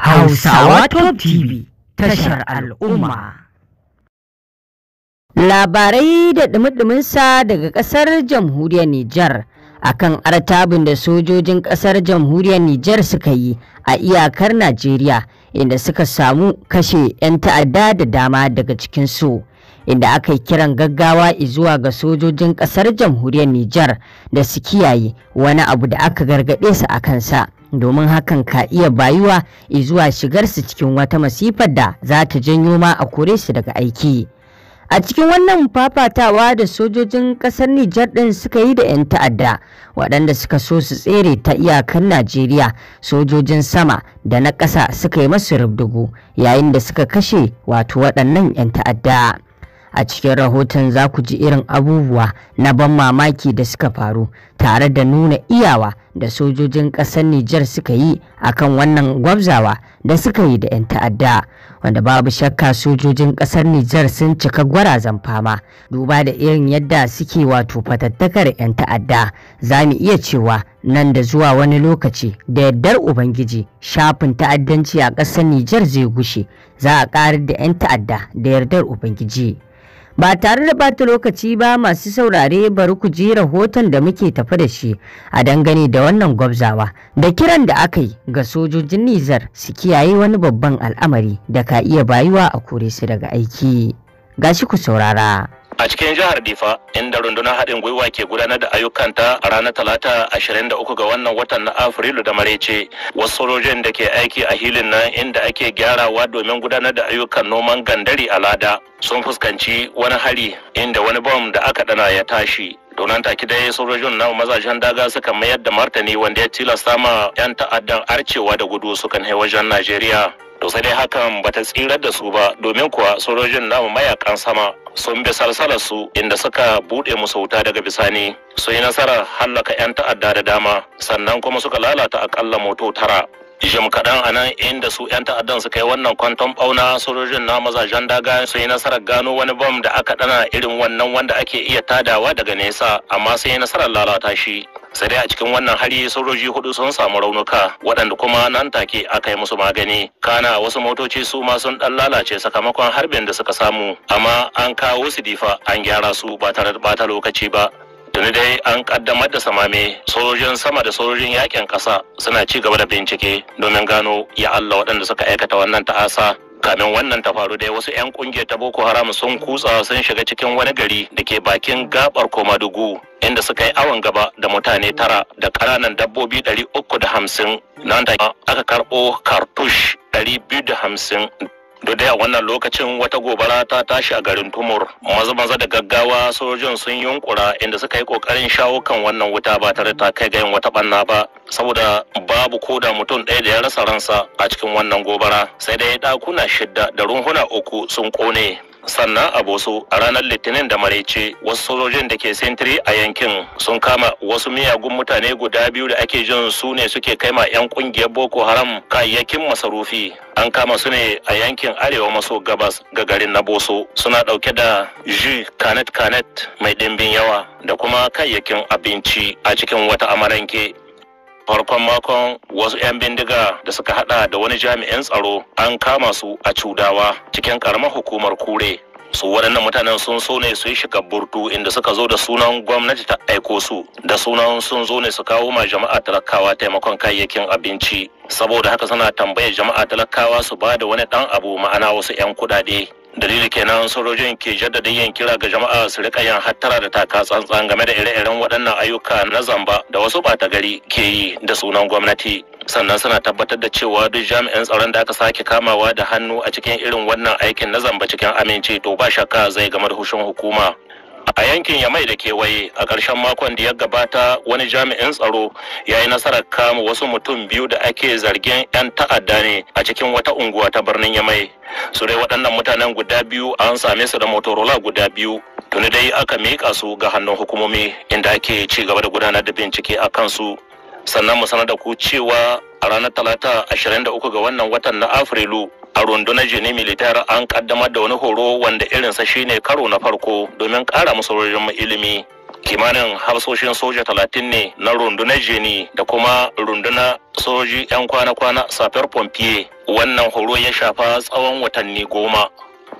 Hausawa Top TV tashar al'umma. Labarai da ɗumi daga ƙasar jamhuriyar Nijar akan artabin da sojojin ƙasar jamhuriyar Nijar suka yi a iyakar Najeriya inda suka samu kashe 'yan ta'adda da dama daga cikin cikinsu. Inda aka yi kiran gaggawa izuwa ga sojojin ƙasar jamhuriyar Nijar da su kiyaye wani abu da aka gargaɗe su a kansa. domin hakan ka iya bayuwa zuwa shigar su cikin wata masifar da za ta janyo ma a kore su daga aiki. A cikin wannan fafatawa da sojojin ƙasar Nijar ɗin suka yi da 'yan ta'adda waɗanda suka so su tsere ta iyakar Najeriya sojojin sama da na ƙasa suka yi masu rubdugu yayin da suka kashe wato waɗannan 'yan ta'adda. a cikin rahoton za ku ji irin abubuwa na ban mamaki da suka faru tare da nuna iyawa da sojojin ƙasar Nijar suka yi akan wannan gwabzawa da suka yi da 'yan ta'adda wanda babu shakka sojojin ƙasar Nijar sun cika gwarazan fama duba da irin yadda suke wato fatattakar 'yan ta'adda za mu iya cewa nan da zuwa wani lokaci da yardar Ubangiji shafin ta'addanci a ƙasar Nijar zai gushe za a ƙarar da 'yan ta'adda da yardar Ubangiji. Ba tare da bata lokaci ba masu saurare bari ku ji rahoton da muke tafi da shi a dangane da wannan gwabzawa da kiran da aka yi ga sojojin Nizar su kiyaye wani babban al'amari da ka iya bayuwa a kore su daga aiki. Gashi ku saurara. a cikin jihar difa inda rundunar haɗin gwiwa ke gudanar da ayyukanta a ranar talata 23 ga wannan watan na afrilu da marece wasu sojojin da ke aiki a hilin nan inda ake gyarawa domin gudanar da ayyukan noman gandari a lada sun fuskanci wani hari inda wani bom da aka dana ya tashi donan take dai sojojin na mazajen daga suka mayar da martani wanda ya tilasta ma 'yan ta'addan arcewa da gudu sukan wajen najeriya to sai dai hakan bata tsirar da su ba domin kuwa sojojin namu mayakan sama sun bi salsalar su inda suka bude musu wuta daga bisani sun yi nasarar hallaka 'yan ta'adda da dama sannan kuma suka lalata akalla moto tara jim kaɗan a nan inda su 'yan ta'addan su yi wannan kwanton ɓauna sojojin na mazajen daga sun yi nasarar gano wani bom da aka ɗana irin wannan wanda ake iya tadawa daga nesa amma sai yi nasarar lalata shi sai a cikin wannan hari sojoji hudu sun samu raunuka waɗanda kuma nan take aka yi musu magani kana wasu motoci su ma sun ɗan lalace sakamakon harbin da suka samu amma an kawo su difa an gyara su ba tare da ɓata lokaci ba tuni dai an kaddamar da samame sojojin sama da sojojin yakin kasa suna ci gaba da bincike domin gano ya Allah waɗanda suka aikata wannan ta'asa kamin wannan ta faru dai wasu 'yan kungiyar ta boko haram sun kutsa sun shiga cikin wani gari da ke bakin gabar dugu inda suka yi awon gaba da mutane tara da ƙananan dabbobi 350 nan da aka karɓo kartush 250 duk a wannan lokacin wata gobara ta tashi a garin tumur maza maza da gaggawa sojojin sun yunkura inda suka yi kokarin shawo kan wannan wuta ba tare ta kai ga wata banna ba saboda babu ko da mutum ɗaya da ya rasa ransa a cikin wannan gobara sai dai ɗakuna shidda da runhuna uku sun kone sannan a boso a ranar litinin da maraice wasu sojojin da ke sintiri a yankin sun kama wasu miyagun mutane guda biyu da ake jin su ne suke kai ma 'yan kungiyar boko haram kayayyakin masarufi an kama su ne a yankin arewa maso gabas ga garin na boso suna dauke da ji kanet kanet mai dimbin yawa da kuma kayayyakin abinci a cikin wata amaranke farkon makon wasu 'yan bindiga da suka hada da wani jami'in tsaro an kama su a cudawa cikin karamar hukumar kure su waɗannan mutanen sun so ne su yi shiga burtu inda suka zo da sunan gwamnati ta aiko su da sunan sun zo ne su kawo ma jama'a talakawa taimakon kayayyakin abinci saboda haka suna tambayar jama'a talakawa su ba da wani ɗan abu ma'ana wasu 'yan kuɗaɗe dalili kenan sojojin ke jaddada yin kira ga jama'a su rika yin hattara da taka tsantsan game da ire-iren waɗannan ayyuka na zamba da wasu ɓata gari ke yi da sunan gwamnati sannan suna tabbatar da cewa duk jami'an tsaron da aka sake kamawa da hannu a cikin irin wannan aikin na zamba cikin aminci to ba shakka zai gamar hushin hukuma a yankin yamai da kewaye a ƙarshen makon da ya gabata wani jami'in tsaro ya yi nasarar kama wasu mutum biyu da ake zargin 'yan ta'adda ne a cikin wata unguwa ta birnin yamai su dai waɗannan mutanen guda biyu an same su da motorola guda biyu tuni dai aka miƙa su ga hannun hukumomi inda ake ci gaba da gudanar da bincike a kansu sannan mu sanar da ku cewa a ranar talata 23 ga wannan watan na afrilu a rundunar jini militar an kaddamar da wani horo wanda irinsa shine karo na farko domin kara musu ilimi kimanin hafsoshin soja talatin ne na rundunar jini, da kuma rundunar soji 'yan kwana-kwana safiyar pompier wannan horo ya shafa tsawon watanni goma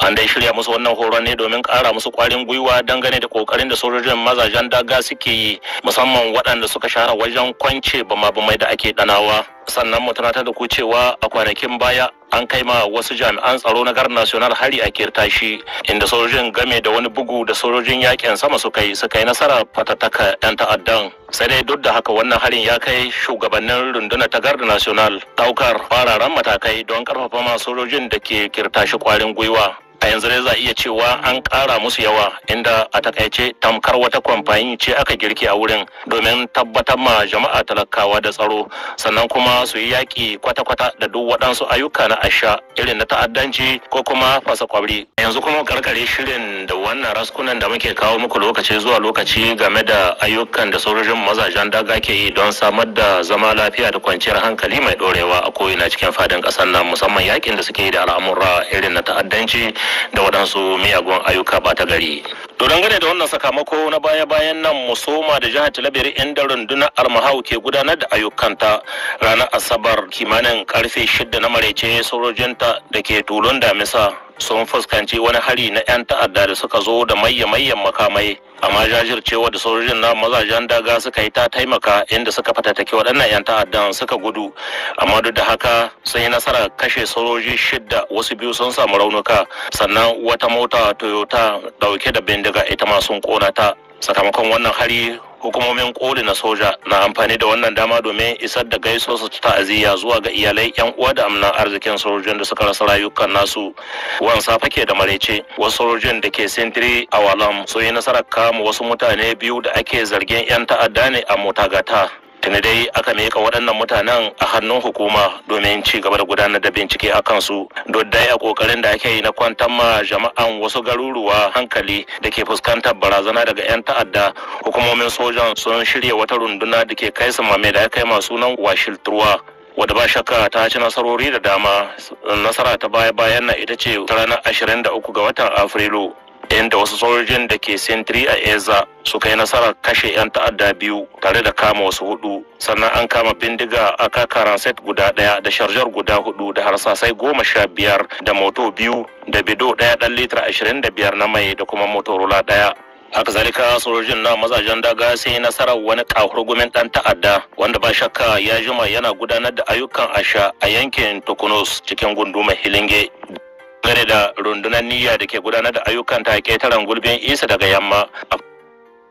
an dai shirya musu wannan horon ne domin kara musu kwarin gwiwa dangane da kokarin da sojojin mazajen daga suke yi musamman waɗanda suka shahara wajen kwance bama-bamai da ake ɗanawa sannan mu tunatar da ku cewa a kwanakin baya an kai ma wasu jami'an tsaro na gar national hari a kirtashi inda sojojin game da wani bugu da sojojin yakin sama suka yi suka yi nasarar fatattaka 'yan ta'addan sai dai duk da haka wannan harin ya kai shugabannin rundunar ta gar national daukar fararen matakai don karfafa ma sojojin da ke kirtashi kwarin gwiwa a yanzu dai za a iya cewa an ƙara musu yawa inda a takaice tamkar wata kwamfani ce aka girki a wurin domin tabbatar ma jama'a talakawa da tsaro sannan kuma su yi yaƙi kwata-kwata da duk waɗansu ayyuka na asha irin na ta'addanci ko kuma fasa kwabri yanzu kuma karkare shirin da wannan raskunan da muke kawo muku lokaci zuwa lokaci game da ayyukan da sojojin mazajen daga ke yi don samar da zama lafiya da kwanciyar hankali mai ɗorewa a ko'ina cikin fadin ƙasar nan musamman yaƙin da suke yi da al'amura irin na ta'addanci da waɗansu miyagun ayyuka ba ta gari to dangane da wannan sakamako na baya-bayan nan musoma da jihar talabiri inda rundunar almahau ke gudanar da ayyukanta ranar asabar kimanin karfe shida na maraice sojojinta da ke tulun damisa sun fuskanci wani hari na 'yan ta'adda da suka zo da mayya-mayyan makamai amma jajircewa da sojojin na mazajen daga suka yi ta taimaka inda suka fatattake waɗannan 'yan ta'addan suka gudu amma duk da haka sun yi nasara kashe sojoji shidda wasu biyu sun samu raunuka sannan wata mota toyota dauke da bindiga ita ma sun kona ta sakamakon wannan hari hukumomin koli na soja na amfani da wannan dama domin isar da gaiso su ta'aziyya zuwa ga iyalai yan uwa da amna arzikin sojojin da suka rasa rayukan nasu wan safa ke da marece wasu sojojin da ke sintiri a walam sun yi nasarar kama wasu mutane biyu da ake zargin yan ta'adda ne a mota gata tuni dai aka miƙa waɗannan mutanen a hannun hukuma domin ci gaba da gudanar da bincike a kansu duk dai a ƙoƙarin da ake yi na kwantar ma jama'an wasu garuruwa hankali da ke fuskantar barazana daga 'yan ta'adda hukumomin sojan sun shirya wata runduna da ke kai samame da aka yi masu nan washil turwa wadda ba shakka ta ci nasarori da dama nasara ta baya bayan na ita ce ranar 23 ga watan afrilu inda wasu sojojin da ke sentry a eza suka yi nasarar kashe 'yan ta'adda biyu tare da kama wasu hudu sannan an kama bindiga a kakaran set guda daya da sharjar guda hudu da harsasai goma sha biyar da moto biyu da bido daya dan litra ashirin da biyar na mai da kuma motorola daya haka zalika sojojin na mazajen daga sun yi nasarar wani gumin dan ta'adda wanda ba shakka ya jima yana gudanar da ayyukan asha a yankin tokunos cikin gundumar hilinge dangane da rundunar niyya da ke gudanar da ayyukan ta ketaren gulbin isa daga yamma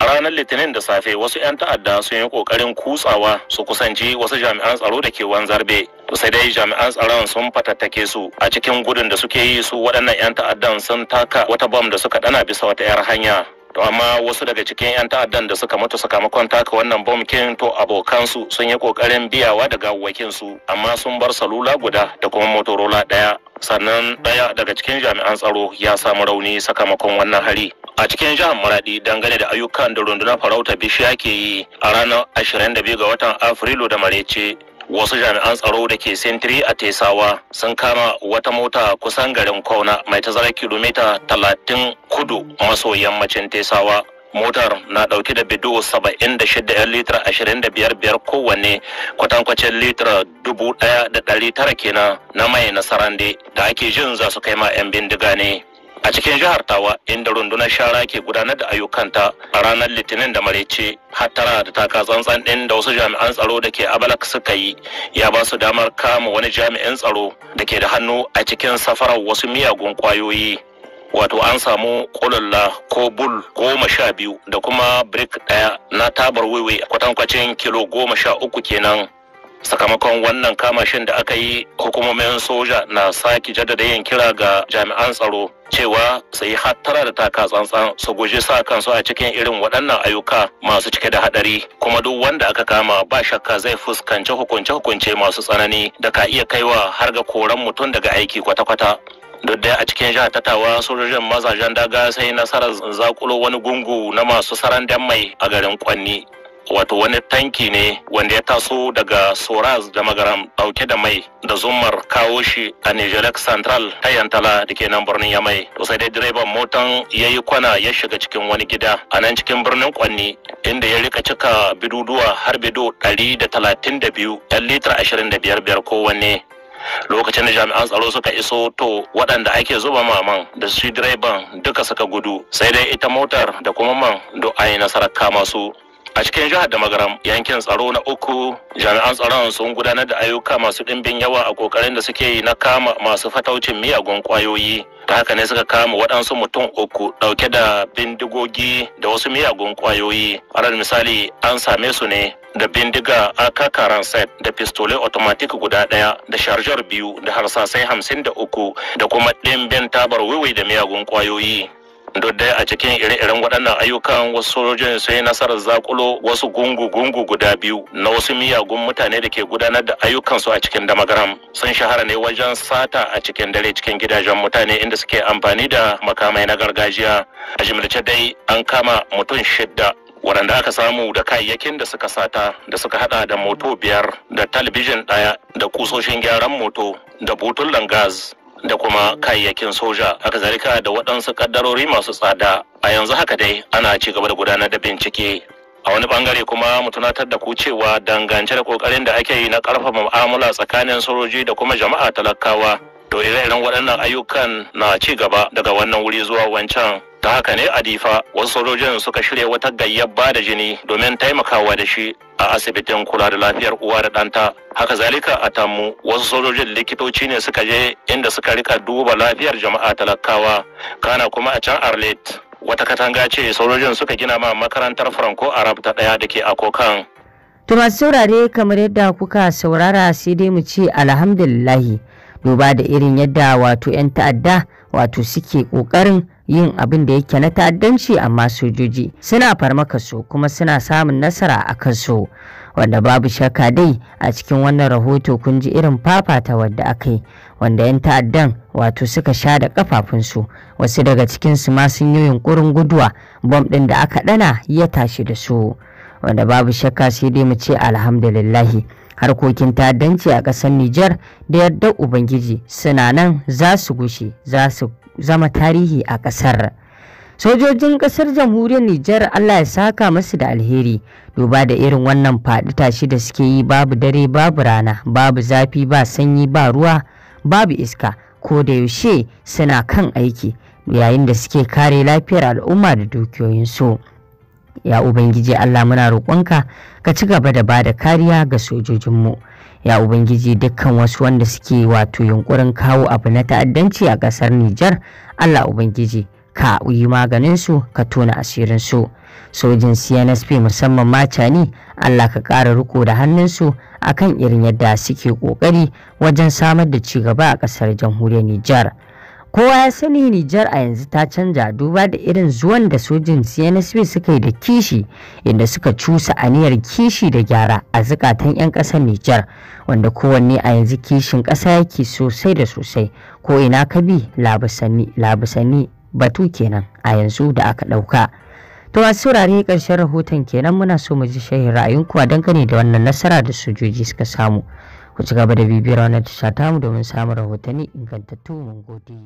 a ranar litinin da safe wasu 'yan ta'adda sun yi kokarin kutsawa su kusanci wasu jami'an tsaro da ke wanzarbe zarbe sai dai jami'an tsaron sun fatattake su a cikin gudun da suke yi su waɗannan 'yan ta'addan sun taka wata bam da suka dana bisa wata 'yar hanya to amma wasu daga cikin 'yan ta'addan da suka mutu sakamakon taka wannan bomkin to abokansu sun yi kokarin biyawa daga wakinsu amma sun bar salula guda da kuma motorola daya sannan daya daga cikin jami'an tsaro ya samu rauni sakamakon wannan hari a cikin jihar maradi dangane da ayyukan da rundunar farauta bishiya ke yi a ranar 22 ga watan afrilu da marece wasu jami'an tsaro da ke sentiri a tesawa sun kama wata mota kusan garin kwauna mai tazara kilomita talatin kudu maso yammacin tesawa motar na dauke da bidiyo 76 'yan litra 25 kowanne kwatankwacin litra 1,900 kenan na mai nasarande da ake jin za su kai ma 'yan bindiga ne a cikin jihar tawa inda rundunar shara ke gudanar da ayyukanta a ranar litinin da marece hattara da taka tsantsan ɗin da wasu jami'an tsaro da ke abalak suka yi ya ba su damar kama wani jami'in tsaro da ke da hannu a cikin safarar wasu miyagun kwayoyi wato an samu Kulalla, ko bul goma sha biyu da kuma brik ɗaya na tabar wiwi kwatankwacin kilo goma sha uku kenan sakamakon wannan kamashin da aka yi hukumomin soja na sake jaddada yin kira ga jami'an tsaro cewa su yi hattara da taka tsantsan su guji sa kansu a cikin irin waɗannan ayyuka masu cike da haɗari kuma duk wanda aka kama ba shakka zai fuskanci hukunce-hukunce masu tsanani da ka iya kaiwa har ga koran mutum daga aiki kwata-kwata duk da a cikin jihar tattawa sojojin mazajen daga sai nasarar zakulo wani gungu na masu saran mai a garin kwanni wato wani tanki ne wanda ya taso daga soraz da magaram dauke da mai da zumar kawo shi a nigeria central ta yantala da ke nan birnin yamai to sai dai direban motan ya yi kwana ya shiga cikin wani gida a nan cikin birnin kwanni inda ya rika cika biduduwa har bido 132 'yan litar 25 biyar kowanne lokacin da jami'an tsaro suka iso to waɗanda ake zuba maman da shi direban duka suka gudu sai dai ita motar da kuma man do a yi nasarar kama su A cikin jihar da magaram yankin tsaro na uku jami'an tsaron sun gudanar da ayyuka masu ɗimbin yawa a kokarin da suke yi na kama masu fataucin miyagun kwayoyi. Ta haka ne suka kama waɗansu mutum uku ɗauke da bindigogi da wasu miyagun kwayoyi. Alal misali an same su ne da bindiga aka set da pistole automatic guda ɗaya da sharjar biyu da harsasai hamsin da uku da kuma ɗimbin tabar wiwi da miyagun kwayoyi. duk dai a cikin ire-iren waɗannan ayyukan wasu sojojin su yi nasarar zakulo wasu gungu-gungu guda biyu na wasu miyagun mutane da ke gudanar da ayyukansu a cikin damagaram sun shahara ne wajen sata a cikin dare cikin gidajen mutane inda suke amfani da makamai na gargajiya a jimlice dai an kama mutum shidda waɗanda aka samu da kayayyakin da suka sata da suka hada da moto biyar da talabijin ɗaya da kusoshin gyaran moto da butullan gas da kuma kayayyakin soja haka zalika da waɗansu kaddarori masu tsada a yanzu haka dai ana ci gaba da gudanar da bincike a wani bangare kuma mu tunatar da ku cewa dangance da kokarin da ake yi na karfafa mu'amala tsakanin sojoji da kuma jama'a talakawa to ire-iren waɗannan ayyukan na ci gaba daga wannan wuri zuwa wancan ta haka ne a difa wasu sojojin suka shirya wata gayyar da jini domin taimakawa da shi a asibitin kula da lafiyar uwa da ɗanta haka zalika a tamu wasu sojojin likitoci ne suka je inda suka rika duba lafiyar jama'a talakawa kana kuma a can arlet wata katanga ce sojojin suka gina ma makarantar franco arab ta ɗaya da ke akokan to masu saurare kamar yadda kuka saurara sai dai mu ce alhamdulillahi duba da irin yadda wato 'yan ta'adda wato suke ƙoƙarin yin abin da yake na ta'addanci amma sojoji suna farmaka su kuma suna samun nasara a kansu wanda babu shakka dai a cikin wannan rahoto kun ji irin fafata wadda aka yi wanda 'yan ta'addan wato suka sha da kafafunsu wasu daga cikinsu ma sun yi yunkurin guduwa bom ɗin da aka ɗana ya tashi da su wanda babu shakka sai dai mu ce alhamdulillahi harkokin ta'addanci a ƙasar Nijar da yadda Ubangiji suna nan za su gushe za su zama tarihi a ƙasar. Sojojin ƙasar jamhuriyar Nijar Allah ya saka masu da alheri duba da irin wannan faɗi tashi da suke yi babu dare babu rana babu zafi ba sanyi ba ruwa babu iska ko da yaushe suna kan aiki yayin da suke kare lafiyar al'umma da dukiyoyinsu. ya ubangiji Allah muna roƙonka ka ci gaba da ba da kariya ga sojojinmu ya ubangiji dukkan wasu wanda suke wato yunkurin kawo abu na ta'addanci a ƙasar Nijar Allah ubangiji ka yi maganin su ka tona asirin su sojin CNSP musamman mata ne Allah ka ƙara riko da hannun su akan irin yadda suke ƙoƙari wajen samar da ci gaba a ƙasar jamhuriyar Nijar kowa ya sani Nijar a yanzu ta canja duba da irin zuwan da sojin CNSP suka yi da kishi inda suka cusa aniyar kishi da gyara a zukatan 'yan ƙasar Nijar wanda kowanne a yanzu kishin ƙasa yake sosai da sosai ko ina ka bi labusanni batu kenan a yanzu da aka ɗauka. To a saurare ƙarshen rahoton kenan muna so mu ji shahin ra'ayinku a dangane da wannan nasara da sojoji suka samu. kutsika bada bibiro na tushata mudomin samun rahotanni ingantattu mun gode